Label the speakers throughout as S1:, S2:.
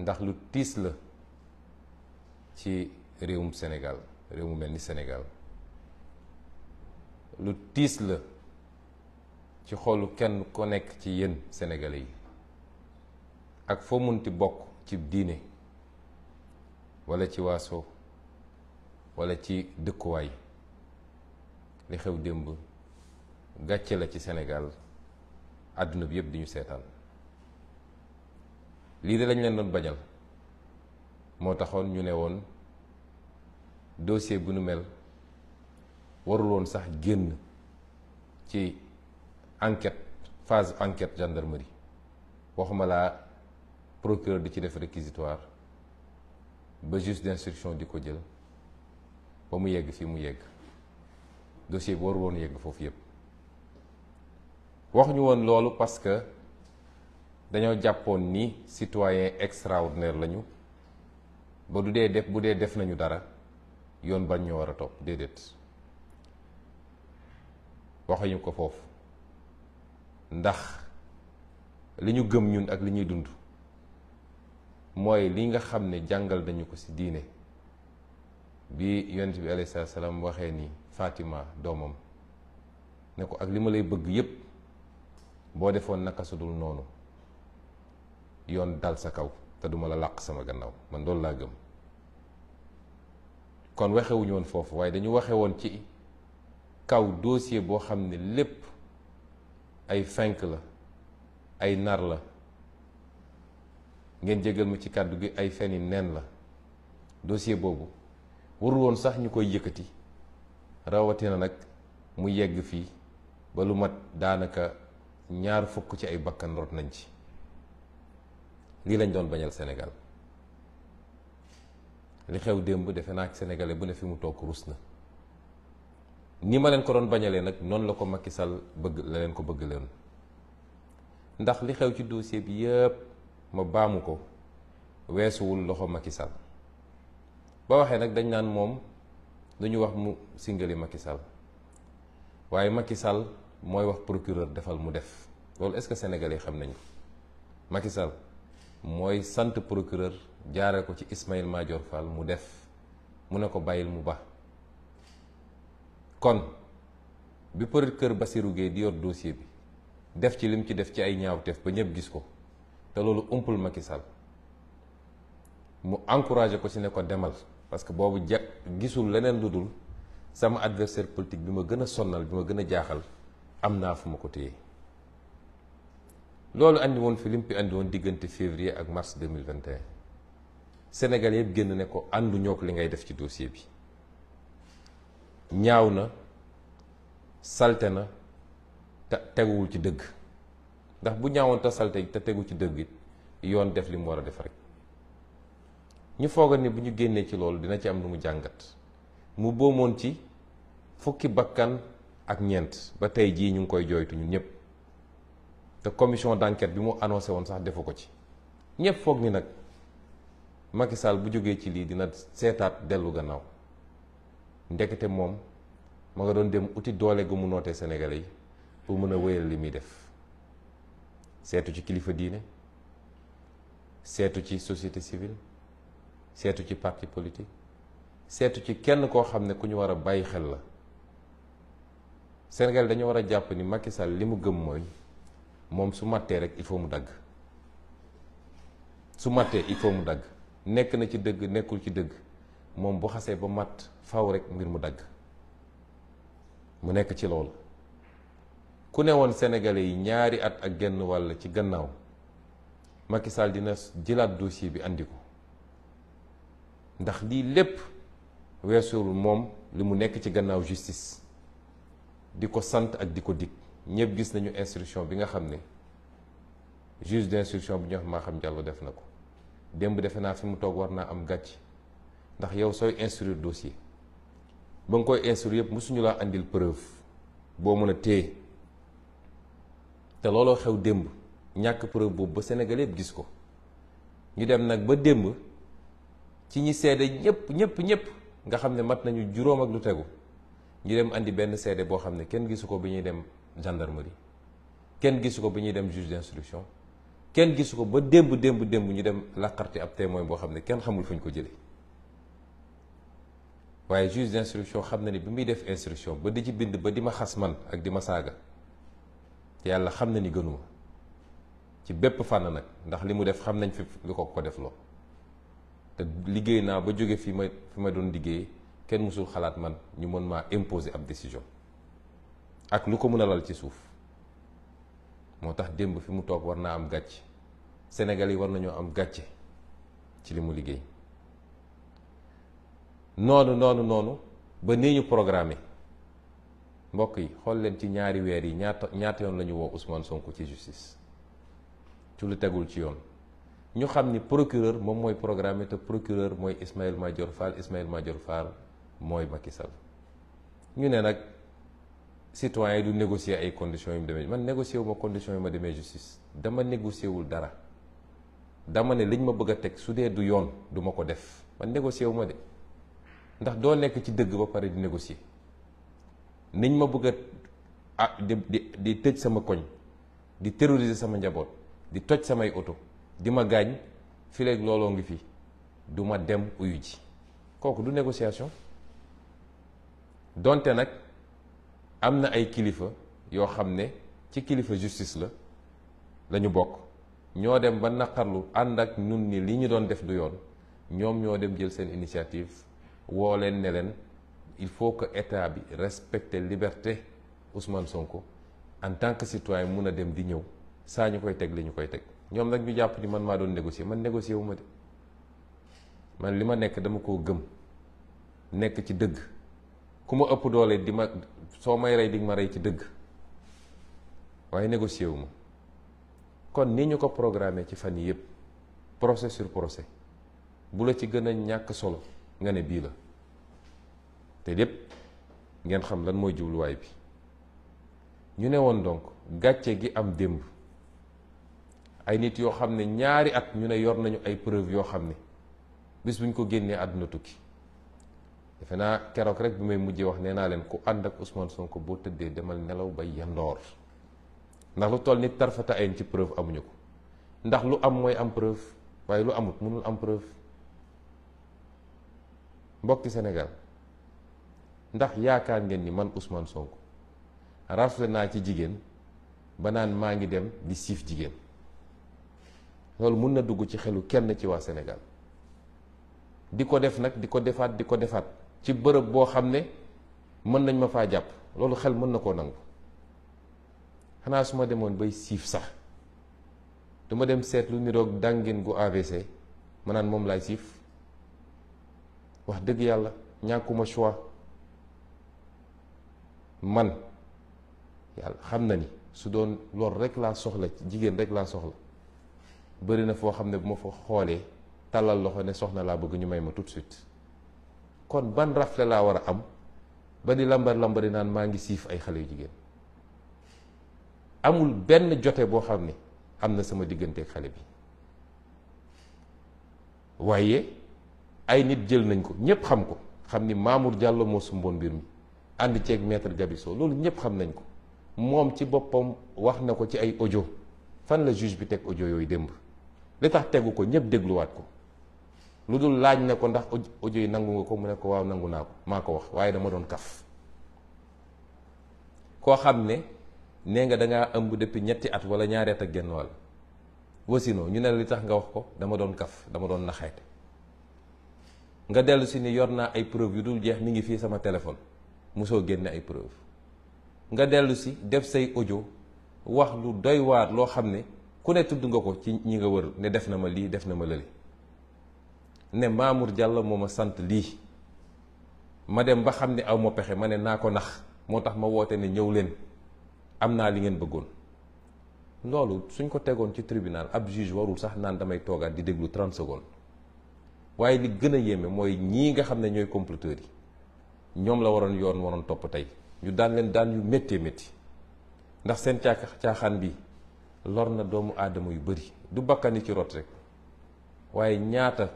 S1: ndax lu tiis la ci réewum Sénégal réew mu mel ni Sénégal lu tiis la ci xoolu kenn ko nekk ci yenn Sénégalais yi ak foo munti bokk ci diine wala ci waaso wala ci dëkkuwaay li xew démb gàcce la ci senegal àdduna bi yëpp di ñu seetaan lii de lañ leen doon bañal moo taxoon ñu ne woon dossier bu nu mel warul woon sax génn ci enquête phase enquête gendarmerie waxuma laa procureur di ci def réquisitoire ba juge d'instruction di ko jël ba mu yegg fii mu yegg dossier bi warul yegg foofu yépp waxuñu woon loolu parce dañoo jàppoon ni citoyen extraordinaire lañu ba du dee def bu dee def nañu dara yoon bañ ñu war a topp déedéet waxuñu ko foofu ndax li ñu gëm ñun ak li ñuy dund mooy li nga xam ne jàngal nañu ko ci diine bi yonent bi alayhi salaam waxee ni Fatima doomam ne ko ak li ma lay bëgg yépp boo defoon naka noonu yoon dal sa kaw te duma la làq sama gannaaw man doon laa gëm kon waxewuñu woon foofu waaye dañu waxe woon ci kaw dossier boo xam ne lépp ay fenk la ay nar la ngeen jégal ma ci kàddu gi ay feni neen la dossier boobu warul woon sax ñu koy yëkkati rawatina nag mu yegg fii ba lu mat daanaka ñaar fukk ci ay bakkan rot nañ ci lii lañ doon bañal senegal li xew démb defe naa ak sénégalais bu ne fi mu toog rus na ni ma leen ko doon bañalee nag noonu la ko Macky Sall bëgg la leen ko bëgg leen ndax li xew ci dossier bi yëpp ma baamu ko weesuwul loxo Macky Sall ba waxee nag dañ naan moom lu wax mu singali Macky Sall waaye Macky Sall mooy wax procureur defal mu def loolu est-ce que xam nañ ko mooy sant procureur jaare ko ci Ismaïla Madior Fall mu def mu ne ko bàyyil mu ba kon bi procureur Bassirou Guèye di yor dossier bi def ci lim ci def ci ay ñaawteef ba ñëpp gis ko te loolu umpul Macky Sall mu encouragé ko ci ne ko demal parce que boobu ja gisul leneen lu dul sama adversaire politique bi ma gën a sonnal bi ma gën a jaaxal am naa fu ma ko téye loolu indi woon fi lim fi andi woon diggante février ak mars 2021 Sénégal yëpp génn ne ko àndu ñoo ko li ngay def ci dossier bi ñaaw na salte na te teguwul ci dëgg ndax bu ñaawoon salte te tegu ci dëgg yoon def li mu war a def rek ñu foogal ni bu ñu génnee ci loolu dina ci am lu mu jàngat mu boomoon ci fukki bakkan ak ñeent ba tey jii ñu ngi koy jooytu ñun ñëpp te commission d'enquête bi mu annoncé woon sax defu ko ci ñëpp foog ni nag Macky Sall bu jógee ci lii dina seetaat dellu gannaaw ndekete moom ma nga doon dem uti doole gu mu nootee Sénégalais yi pour mën a wéyal li muy def seetu ci kilifa diine seetu ci société civile seetu ci parti politique seetu ci kenn koo xam ne ku ñu war a bàyyi xel la Sénégal dañu war a jàpp ni Macky Sall li mu gëm mooy moom su mattee rek il faut mu dagg su mattee il faut mu dagg nekk na ci dëgg nekkul ci dëgg moom bu xasee ba matt faw rek mbir mu dagg mu nekk ci lool ku ne woon sénégalais yi ñaari at ak genn wàll ci gannaaw Macky Sall dina jëlaat dossier bi andi ko ndax lii lépp weesul moom li mu nekk ci gannaaw justice di ko sant ak di ko dikk ñëpp gis nañu instruction bi nga xam ne juge d'instruction bi ñu wax maa xam jàllu def na ko démb defe naa fi mu toog war naa am gàcc ndax yow sooy instruire dossier ba nga koy instruire yëpp mosuñu laa andil preuve boo mën a téye te looloo xew démb ñàkk preuve boobu ba Sénégal yëpp gis ko ñu dem nag ba démb ci ñi seede ñëpp ñëpp ñëpp nga xam ne mat nañu juróom ak lu tegu ñu dem indi benn seede boo xam ne kenn gisu ko bi ñuy dem. gendarmerie kenn gisu ko ba ñuy dem juge d'instruction kenn gisu ko ba démb démb démb ñu dem làqarti ab témoin boo xam ne kenn xamul fu ñu ko jëlee waaye juge d'instruction xam na ni bi muy def instruction ba di ci bind ba di ma xas man ak di ma saaga te yàlla xam na ni gënuma ci bépp fànn nag ndax li mu def xam nañ fi lu ko ko def loo te liggéey naa ba jóge fi ma fi ma doon liggéey kenn mësul xalaat man ñu mën maa imposer ab décision ak lu ko mën a lal ci suuf moo tax démb fi mu toog war naa am gàcce Sénégal yi war nañoo am gàcce ci li mu liggéey noonu noonu noonu ba nii ñu programmé mbokk yi xool leen ci ñaari weer yi ñaata ñaata yoon la ñu woo Ousmane sonk ci justice ci lu tegul ci yoon ñu xam ni procureur moom mooy programmé te procureur mooy Ismaïla Madior Fall Ismaïla Madior Fall mooy Macky ñu ne nag. citoyen yi du négocier ay conditions yu mu demee man négocier wu ma conditions yu ma demee justice dama négocier wul dara dama ne liñ ma bëgg a teg su dee du yoon duma ko def man négocier wu ma de ndax doo nekk ci dëgg ba pare di négocier niñ ma bëgg a ah di di di tëj sama koñ di terroriser sama njaboot di toj samay oto di ma gaañ fileeg looloo ngi fi du ma dem uyu ji kooku du négociation donte nag. am na ay kilifa yoo xam ne ci kilifa justice la la bokk ñoo dem ba naqarlu ànd ak ñun ni li ñu doon def du yoon ñoom ñoo dem jël seen initiative woo leen ne leen il faut que état bi respecte liberté Ousmane Sonko en tant que citoyen mun a dem di ñëw saa ñu koy teg lañu koy teg ñoom nag ñu jàpp ni man maa doon négocier man négocier wu ma de man li ma nekk dama koo gëm nekk ci dëgg ku ma ëpp doole di ma soo may rey di ma rey ci dëgg waaye négocié wu ma kon ni ñu ko programmé ci fan yii yëpp procès sur procès bu la ci gën a ñàkk solo nga ne bii la te lépp ngeen xam lan mooy jubluwaay bi ñu ne woon donc gàcce gi am démb ay nit yoo xam ne ñaari at ñu ne yor nañu ay preuve yoo xam ne bis buñ ko génnee àdduna tukki defe naa keroog rek bi may mujjee wax nee naa leen ku ànd ak Ousmane Sonko boo tëddee demal nelaw ba yandoor ndax lu toll ni tarfata ayn ci preuve amuñu ko ndax lu am mooy am preuve waaye lu amut mënul am preuve mbokki senegal ndax yaakaar ngeen ni man Ousmane Sonko rafle naa ci jigéen ba naan maa ngi dem di siif jigéen loolu mun na dugg ci xelu kenn ci waa senegal di ko def nag di ko defaat di ko defaat ci bërëb boo xam ne mën nañ ma faa jàpp loolu xel mën na koo nangu xanaa su ma demoon bay siif sax du dem seetlu lu niroog dàngin gu AVC ma naan moom laay siif wax dëgg yàlla ñàkkuma choix man yàlla xam na ni su doon lor rek laa soxla jigéen rek laa soxla bëri na foo xam ne bu ma fa xoolee tàllal loxo ne soxna laa bëgg ñu may ma tout suite kon ban rafle laa war a am ba di lambar lambari naan maa ngi siif ay xale yu jigéen amul benn jote boo xam ne am na sama diggante xale bi waaye ay nit jël nañ ko ñëpp xam ko xam ni Mamour Diallo moo sumboon mbir mi ànd ceeg maître Gabiso loolu ñëpp xam nañ ko moom ci boppam wax na ko ci ay audio fan la juge bi teg audio yooyu démb li tax tegu ko ñëpp dégluwaat ko lu dul laaj na ko ndax audio yi nangu nga ko mu ne ko waaw nangu naa ko maa ko wax waaye dama doon kaf koo xam ne nee nga dangaa ëmb depuis ñetti at wala ñaari at ak genn wàll wasinoo ñu ne li tax nga wax ko dama doon kaf dama doon naxeete nga dellu si ni yor naa ay preuve yu dul jeex mi ngi fii sama téléphone mosoo génne ay preuve nga dellu si def say audio wax lu doy waar loo xam ne ku ne tudd nga ko ci ñi nga wër ne def na ma lii def na ma lële ne Mamour jàll moo ma sant lii ma dem ba xam ne aw ma pexe ma ne naa ko nax moo tax ma woote ne ñëw leen am naa li ngeen bëggoon loolu suñ ko tegoon ci tribunal ab juge warul sax naan damay toogaat di déglu 30 secondes waaye li gën a yéeme mooy ñii nga xam ne ñooy comploteurs yi ñoom la waroon yoon waroon topp tey ñu daan leen daan yu méttee métti ndax seen caax caaxaan bi lor na doomu aadama yu bari du bakkan yi ci rot rek waaye ñaata.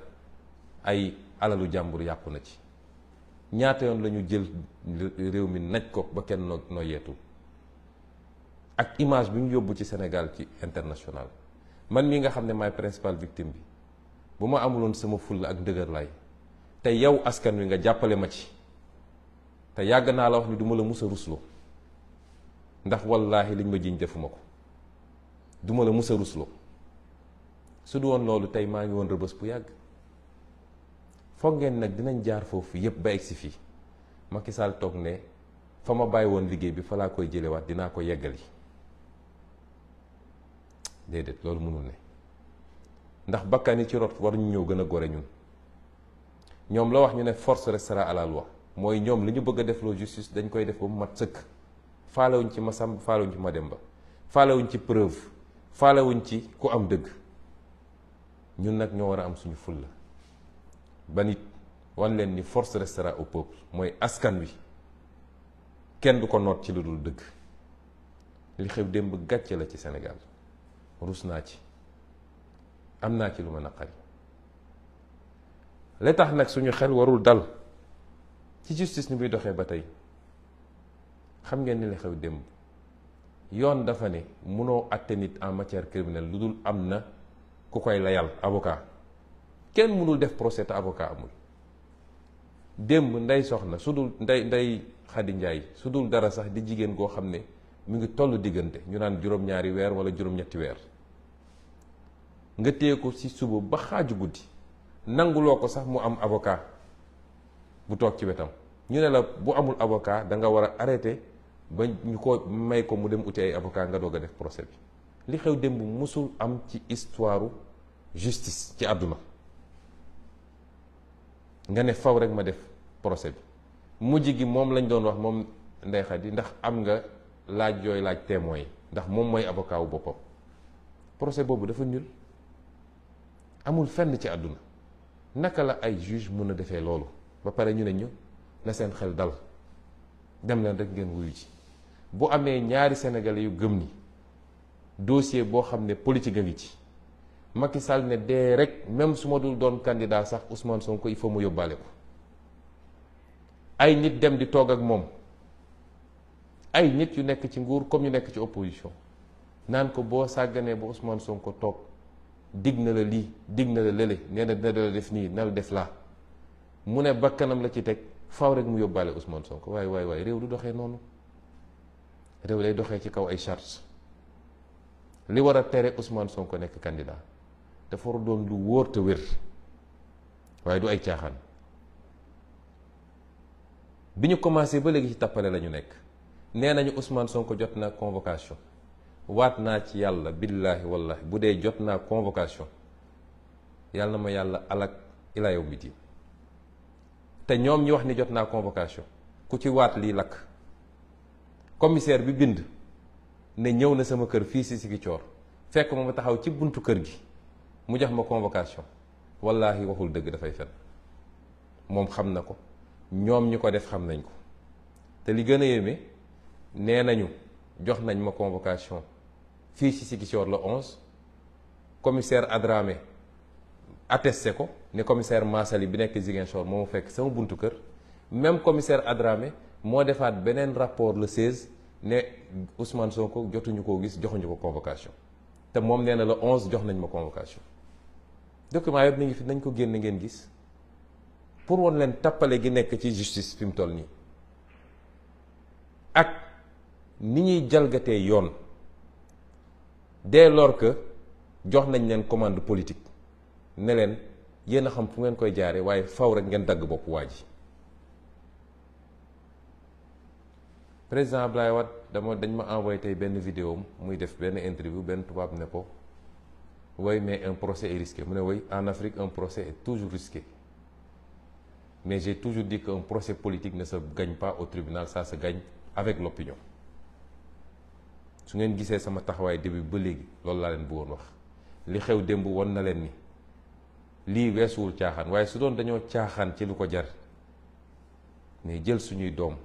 S1: ay alalu jàmbur yàpp na ci ñaata yoon lañu jël réew mi naj ko ba kenn noo noo yeetu ak image bi ñu yóbbu ci senegal ci international man mii nga xam ne maay principal victime bi bu ma amuloon sama fulla ak ndëgër laay te yow askan wi nga jàppale ma ci te yàgg naa la wax ni duma la mus a rusloo ndax wallaahi liñ ma jiñ defuma ko duma la mus a rusloo su du woon loolu tey maa ngi woon rëbës bu yàgg foog ngeen nag dinañ jaar foofu yépp ba egsi fii Macky Sall toog ne fa ma bàyyi woon liggéey bi fa laa koy waat dinaa ko yeggali déedéet loolu mënul ne ndax bakkan yi ci rot waruñu ñëw gën a gore ñun ñoom la wax ñu ne force restera à la mooy ñoom li ñu bëgg a def loo justice dañ koy def ba mu mat sëkk faalewuñ ci Masamba faalewuñ ci Mademba faalewuñ ci preuve faalewuñ ci ku am dëgg ñun nag ñoo war a am suñu fulla ba nit wan leen ni force restera au peuple mooy askan wi kenn du ko noot ci lu dul dëgg li xew démb gàcce la ci senegal rus naa ci am naa ci lu ma naqari li tax nag suñu xel warul dal ci justice ni muy doxee ba tey xam ngeen ni li xew démb yoon dafa ne mënoo àtte nit en matière criminelle lu dul am na ku koy layal avocat kenn mënul def procès te avocat amul démb ndey soxna su dul ndey ndey Xadi Njaay su dul dara sax di jigéen goo xam ne mu ngi toll diggante ñu naan juróom-ñaari weer wala juróom-ñetti weer nga téye ko ci suba ba xaaju guddi nanguloo ko sax mu am avocat bu toog ci wetam ñu ne la bu amul avocat da nga war a arrêté ba ñu ko may ko mu dem uti ay avocat nga doog a def procès bi li xew démb musul am ci histoire justice ci àdduna nga ne faw rek ma def procès bi mujj gi moom lañ doon wax moom Ndeye Khady ndax am nga laaj yooyu laaj témoin yi ndax moom mooy avocat wu boppam procès boobu dafa nul amul fenn ci àdduna naka la ay juge mun a defee loolu ba pare ñu ne ñu na seen xel dal dem leen rek ngeen wuyu ji bu amee ñaari sénégalais yu gëm ni dossier boo xam ne politique a ngi ci Macky sal ne dee rek même su ma dul doon candidat sax Ousmane Sonko il faut mu yóbbaale ko ay nit dem di toog ak moom ay nit yu nekk ci nguur comme yu nekk ci opposition naan ko boo sàgganee ba Ousmane Sonko toog digg na la lii digg na la lële nee na dina la def nii na la def laa mu ne bakkanam la ci teg faaw rek mu yóbbaale Ousmane Sonko waaye waaye waaye réew du doxee noonu réew lay doxee ci kaw ay charges li war a tere Ousmane Sonko nekk candidat dafa war doon lu wóor te wér waaye du ay caaxaan bi ñu commencé ba léegi ci tappale la nekk nee nañu Ousmane Sonko jot na convocation waat naa ci yàlla billaahi wallahi bu dee jot naa convocation yàlla na ma yàlla alak ilaa yow miti te ñoom ñi wax ni jot naa convocation ku ci waat lii lakk commissaire bi bind ne ñëw na sama kër fii si Ziguinchor fekk moom taxaw ci buntu kër gi mu jox ma convocation wallaahi waxul dëgg dafay fen moom xam na ko ñoom ñi ko def xam nañ ko te li gën a yéeme nee nañu jox nañ ma convocation fii si Ziguinchor le 11 commissaire Adramé attesté ko ne commissaire Massali bi nekk Ziguinchor moo mu fekk sama buntu kër même commissaire Adramé moo defaat beneen rapport le 16 ne Ousmane Sonko jotuñu koo gis joxuñu ko convocation te moom nee na la onze jox nañ ma convocation. document yëpp mi ngi fi nañ ko génn ngeen gis pour woon leen tappale gi nekk ci justice fi mu toll nii ak ni ñuy jalgatee yoon dès lors que jox nañ leen commande politique ne leen yéen a xam fu ngeen koy jaare waaye faw rek ngeen dagg bopp waa ji président Ablaye Wade dama dañ ma envoyé tey benn vidéo muy def benn interview benn tubaab ne ko oui mais un procès est risqué mu ne oui en Afrique un procès est toujours risqué mais j'ai toujours dit qu'un procès politique ne se gagne pas au tribunal ça se gagne avec l'opinion su ngeen gisee sama taxawaay début ba léegi loolu laa leen bu woon wax li xew démb won na leen ni lii weesuwul caaxaan waaye su doon dañoo caaxaan ci lu ko jar mais jël suñuy doom